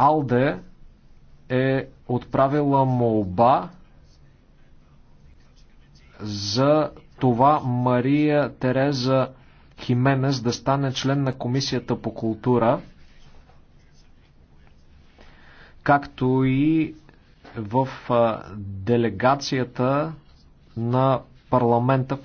Алде е отправила молба за това Мария Тереза Хименес да стане член на Комисията по култура, както и в делегацията на парламента в